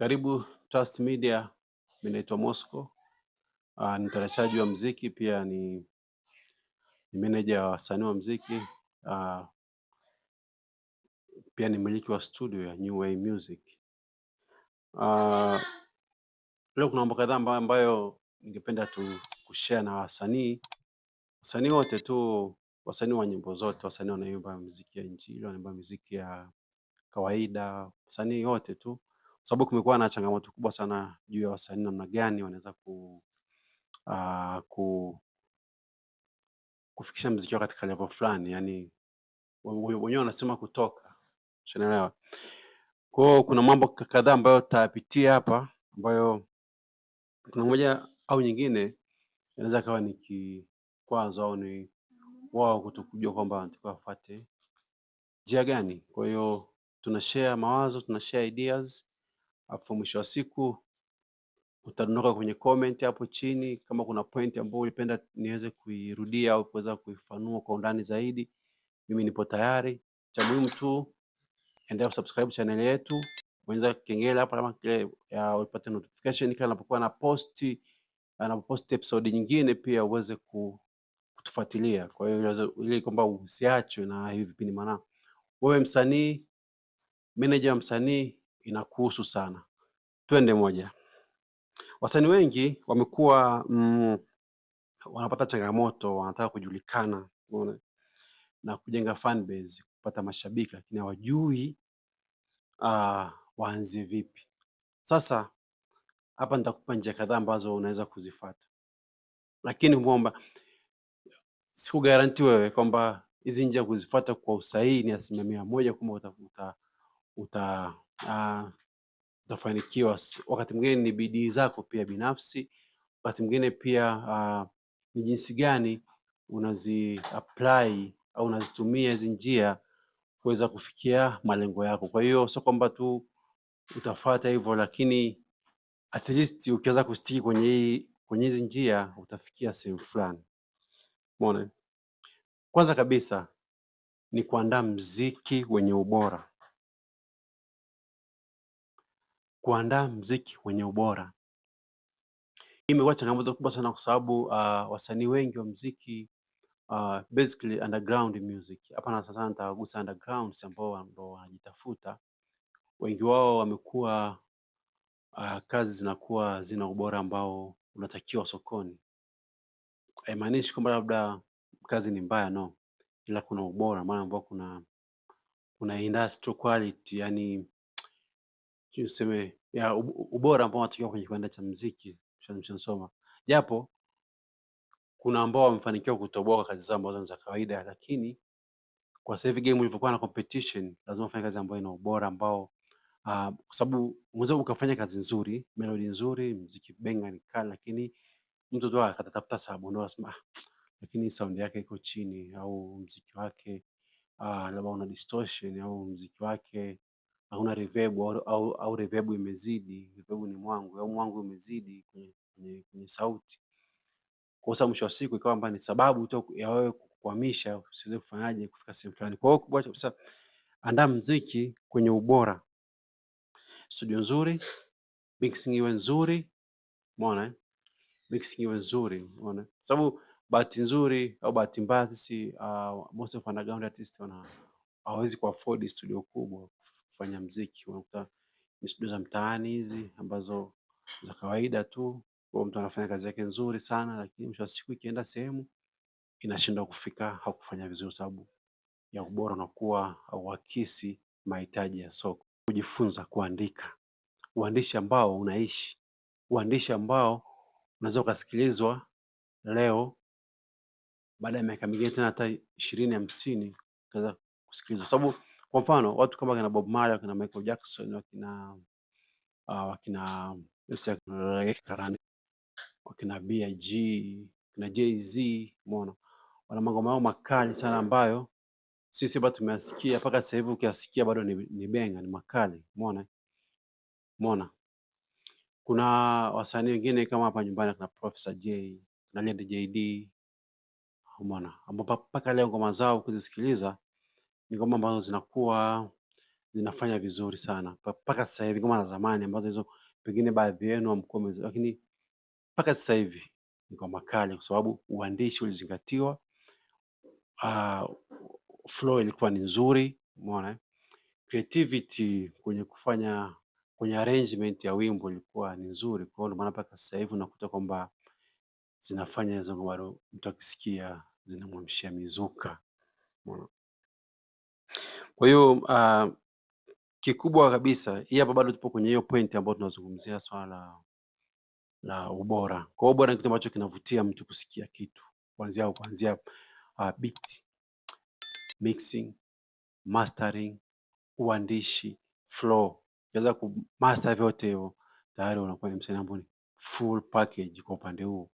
Karibu Trust Media, mimi naitwa Mosco. Uh, ni mtayarishaji wa mziki pia ni, ni meneja wa wasanii wa mziki uh, ah, pia ni mmiliki wa studio ya New Way Music. Uh, leo kuna mambo kadhaa ambayo ningependa tu kushare na wasanii wasanii wote tu, wasanii wa nyimbo zote, wasanii wanaimba muziki ya injili, wanaimba muziki ya kawaida, wasanii wote tu sababu kumekuwa na changamoto kubwa sana juu ya wasanii namna gani wanaweza ku, uh, ku kufikisha mziki wao katika level fulani, yani wenyewe wanasema kutoka, unaelewa. Kwa hiyo kuna mambo kadhaa ambayo tutayapitia hapa, ambayo kuna moja au nyingine inaweza kawa ni kikwazo au ni wao kutokujua kwamba wanatakiwa wafuate njia gani. Kwa hiyo tuna share mawazo, tuna share ideas afu mwisho wa siku utanuka kwenye comment hapo chini, kama kuna point ambayo ulipenda niweze kuirudia au kuweza kuifanua kwa undani zaidi, mimi nipo tayari. Cha muhimu tu endelea kusubscribe channel yetu, bonyeza kengele hapo kama kile ya upate notification kila ninapokuwa na post na post episode nyingine, pia uweze kutufuatilia. Kwa hiyo ili kwamba usiachwe na hivi vipindi, maana wewe msanii, manager wa msanii inakuhusu sana. Twende moja. Wasanii wengi wamekuwa mm, wanapata changamoto, wanataka kujulikana, mwone, na kujenga fan base, kupata mashabiki, lakini hawajui ah, waanze vipi. Sasa hapa nitakupa njia kadhaa ambazo unaweza kuzifuata, lakini mwomba, sikugaranti wewe kwamba hizi njia kuzifata kwa usahihi ni asilimia mia moja kwamba uta, uta, uta Ah, utafanikiwa. Wakati mwingine ni bidii zako pia binafsi, wakati mwingine pia ah, ni jinsi gani unazi apply au unazitumia hizi njia kuweza kufikia malengo yako. Kwa hiyo sio kwamba tu utafuata hivyo, lakini at least ukiweza kustiki kwenye hizi njia utafikia sehemu fulani. Umeona? Kwanza kabisa ni kuandaa mziki wenye ubora. kuandaa mziki wenye ubora. Hii imekuwa changamoto kubwa sana kwa sababu uh, wasanii wengi wa mziki uh, basically underground music. Hapa na sasa nitawagusa underground ambao ndo wanajitafuta. Wengi wao wamekuwa uh, kazi zinakuwa zina ubora ambao unatakiwa sokoni. Haimaanishi kwamba labda kazi ni mbaya no, ila kuna ubora maana ambao kuna kuna industrial quality, yani Sijui ya ubora ambao unatokea kwenye kiwanda cha muziki cha chansoma. Japo kuna ambao wamefanikiwa kutoboa kazi zao ambazo za kawaida, lakini kwa sasa hivi game ilivyokuwa na competition lazima ufanye kazi ambayo ina ubora ambao ah, kwa sababu unaweza ukafanya kazi nzuri, melody nzuri, muziki benga ni kali lakini mtu tu akatafuta sababu ndio asema "Ah, lakini sound yake iko chini" au muziki wake ah, labda una distortion au muziki wake hauna reverb au, au au reverb imezidi, reverb ni mwangu au mwangu umezidi kwenye kwenye, kwenye sauti. Kwa sababu mwisho wa siku ikawa kwamba ni sababu tu ya wewe kukwamisha usiweze kufanyaje kufika sehemu fulani. Kwa hiyo kubwa kabisa, andaa mziki kwenye ubora, studio nzuri, mixing iwe nzuri, umeona eh? Mixing iwe nzuri, umeona, eh? sababu bahati nzuri au bahati mbaya sisi uh, most of underground artists wana hawawezi kuafford studio kubwa kufanya mziki. Unakuta ni studio za mtaani hizi ambazo za kawaida tu, kwa mtu anafanya kazi yake nzuri sana lakini mwisho wa siku ikienda sehemu inashindwa kufika au kufanya vizuri sababu ya ubora unakuwa hauakisi mahitaji ya soko. Kujifunza kuandika, uandishi ambao unaishi, uandishi ambao unaweza ukasikilizwa leo baada ya miaka mingine tena hata ishirini hamsini kusikiliza, kwa sababu kwa mfano watu kama kina Bob Marley, kina Michael Jackson, wakina ah, wakina Mr. Karani, wakina Big, kina Jay-Z, umeona wana mambo yao makali sana ambayo sisi bado tumeasikia mpaka sasa hivi, ukiasikia bado ni, ni benga, ni makali. Umeona, umeona kuna wasanii wengine kama hapa nyumbani kuna Professor J, na Lady JD, umeona ambapo mpaka leo ngoma zao ukizisikiliza ni ngoma ambazo zinakuwa zinafanya vizuri sana. mpaka sasa hivi ngoma za zamani ambazo hizo pengine baadhi yenu amkome, lakini mpaka sasa hivi ni ngoma kali kwa sababu uandishi ulizingatiwa, uh, flow ilikuwa ni nzuri, umeona Creativity kwenye kufanya kwenye arrangement ya wimbo ilikuwa ni nzuri. Kwa hiyo maana mpaka sasa hivi unakuta kwamba zinafanya hizo ngoma mtu akisikia zinamwamshia mizuka, umeona? Kwa hiyo uh, kikubwa kabisa hii hapa bado tupo kwenye hiyo point ambayo tunazungumzia swala la, la ubora. Kwa hiyo ubora ni kitu ambacho kinavutia mtu kusikia kitu kuanzia kuanzia uh, beat, mixing, mastering, uandishi, flow. Unaweza ku master vyote hivyo tayari unakuwa ni msanii ambaye full package kwa upande huo.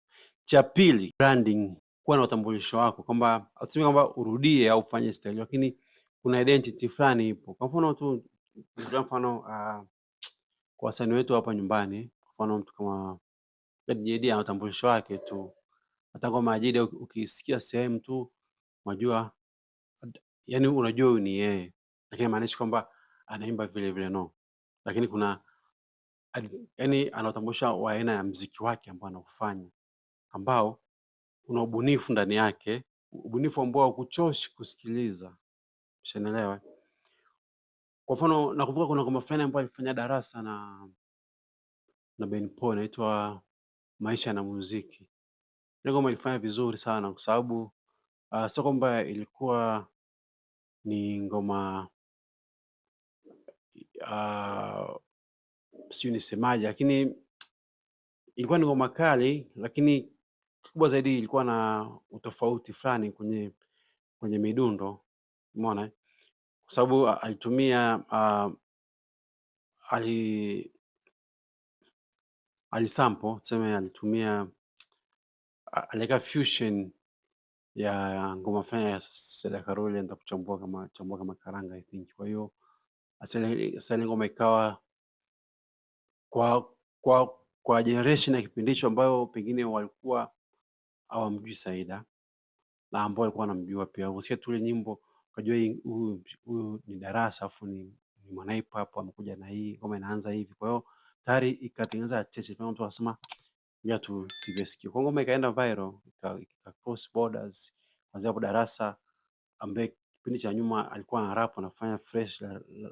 Cha pili, branding, kuwa na utambulisho wako kwamba atuseme kwamba urudie au ufanye style lakini kuna identity fulani ipo. Kwa mfano tu kwa mfano uh, kwa wasanii wetu hapa nyumbani, kwa mfano mtu kama Jedi ana utambulisho wake tu, hata kwa majidi ukisikia sehemu tu unajua, yani unajua huyu ni yeye, lakini maanishi kwamba anaimba vile vile no, lakini kuna yani ana utambulisho wa aina ya mziki wake ambao anaufanya ambao una ubunifu ndani yake, ubunifu ambao kuchoshi kusikiliza. Ushanielewa? Kwa mfano nakumbuka kuna ngoma fulani ambayo alifanya Darasa na na Benpo inaitwa Maisha na Muziki. Ile ngoma ilifanya vizuri sana kwa sababu uh, sio kwamba ilikuwa ni ngoma uh, sijui nisemaje, lakini ilikuwa ni ngoma kali, lakini kikubwa zaidi ilikuwa na utofauti fulani kwenye kwenye midundo. Umeona, eh? Kwa sababu ah, alitumia, ah, ali alisample tuseme alitumia ah, aliweka fusion ya ngoma fulani ya Saida Karoli enda kuchambua kama chambua kama karanga I think. Kwa hiyo sasa ngoma ikawa kwa kwa kwa generation ya kipindi hicho ambayo pengine walikuwa hawamjui Saida na ambao walikuwa wanamjua pia. Usikie tule nyimbo ukajua huyu ni darasa afu ni mwanaipo hapo amekuja na hii ngoma inaanza hivi. Kwa hiyo tayari ikatengeneza cheche, mtu akasema ngoja tupige sikio. Kwa ngoma ikaenda viral, ika cross borders kuanzia hapo darasa ambaye kipindi cha nyuma alikuwa na rap anafanya fresh,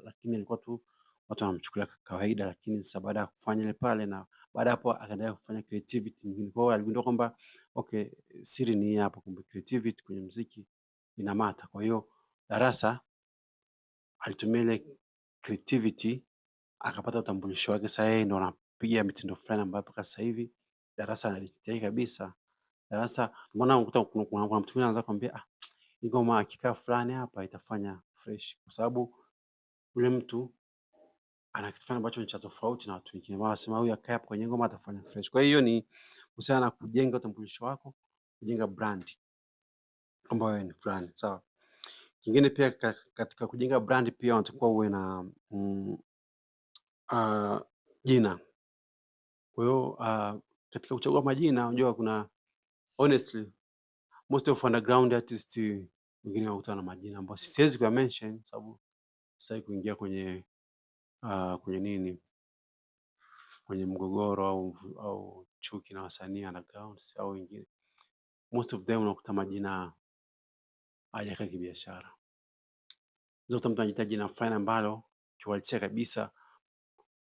lakini alikuwa tu watu wanamchukulia kawaida, lakini sasa baada ya kufanya ile pale na baada hapo akaendelea kufanya creativity nyingine. Kwa hiyo aligundua kwamba okay, siri ni hapo, hapa, kumbe creativity kwenye muziki ina mata. Kwa hiyo darasa alitumia ile creativity akapata utambulisho wake. Sasa yeye ndo anapiga mitindo fulani ambayo mpaka sasa hivi darasa analitetea kabisa. Darasa mbona unakuta kuna mtu mwingine anaanza kumwambia ah, ngoma akikaa fulani hapa itafanya fresh, kwa sababu yule mtu ana kitu fulani ambacho ni cha tofauti na watu wengine. maana sema huyu akaya kwenye ngoma atafanya fresh. Kwa hiyo ni kuhusiana na kujenga utambulisho wako, kujenga brand ambayo ni fulani, sawa. So, Kingine pia katika kujenga brand pia wanatakiwa uwe na mm, uh, jina. Kwa hiyo uh, katika kuchagua majina unajua kuna honestly most of underground artist wengine wakutana na majina ambayo siwezi kuya mention sababu sitaki kuingia kwenye uh, kwenye nini kwenye mgogoro au au chuki na wasanii underground au wengine. Most of them unakuta majina ajaka kibiashara zote mtu anahitaji na fulani ambalo kiuhalisia kabisa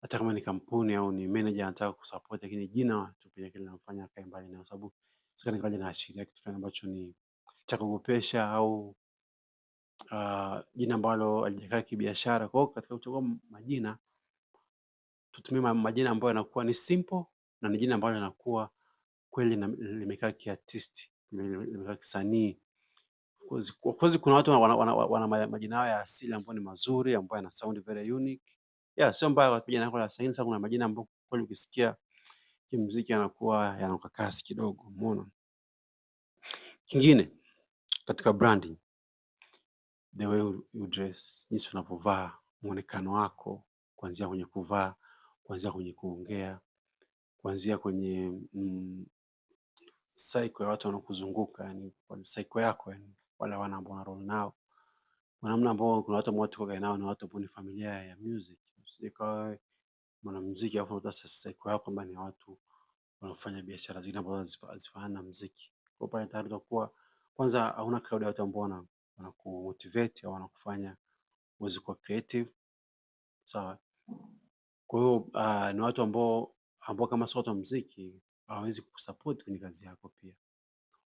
hata kama ni kampuni au ni manager anataka kusupport, lakini jina tu pekee kile anafanya kae mbali na, sababu sikani kaja na ashiria kitu fulani ambacho ni cha kuogopesha au uh, jina ambalo halijakaa kibiashara. Kwa hiyo katika kuchagua majina tutumie majina ambayo yanakuwa ni simple na ni jina ambalo linakuwa kweli limekaa kiartisti, limekaa kisanii Of course kuna watu wana, wana, wana wana majina yao ya asili ambayo ni mazuri ambayo yana sound very unique. Yeah, sio mbaya kwa vijana kwa sasa hivi kuna majina ambayo kwa kweli ukisikia kimuziki yanakuwa yanakakasi kidogo, umeona? Kingine katika branding, the way you dress, jinsi unavyovaa, muonekano wako, kuanzia kwenye kuvaa, kuanzia kwenye kuongea, kuanzia kwenye mm, saiko ya watu wanaokuzunguka, yani kwa saiko yako yani wale wana ambao na wanarol nao kwa namna ambao kuna watu ambao tukoga nao na watu ambao ni familia ya music. Sika Usijikawe mwanamuziki alafu unataka sasa kwa kwamba ni watu wanaofanya biashara zingine ambazo hazifanani na muziki. Kwa pale tayari utakuwa kwanza hauna crowd ya watu ambao wana wanakumotivate au wanakufanya uweze kuwa creative. Sawa. Kwa hiyo uh, ni watu ambao ambao kama sio watu wa muziki hawawezi kukusupport kwenye kazi yako pia.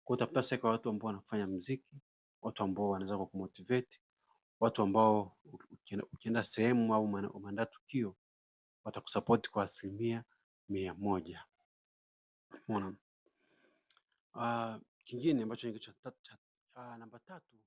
Kwa hiyo tafuta sasa watu ambao wanafanya muziki watu ambao wanaweza kukumotivate, watu ambao ukienda sehemu au umeenda tukio watakusupport kwa asilimia mia moja. Umeona? Ah, kingine ambacho ni cha ah, namba tatu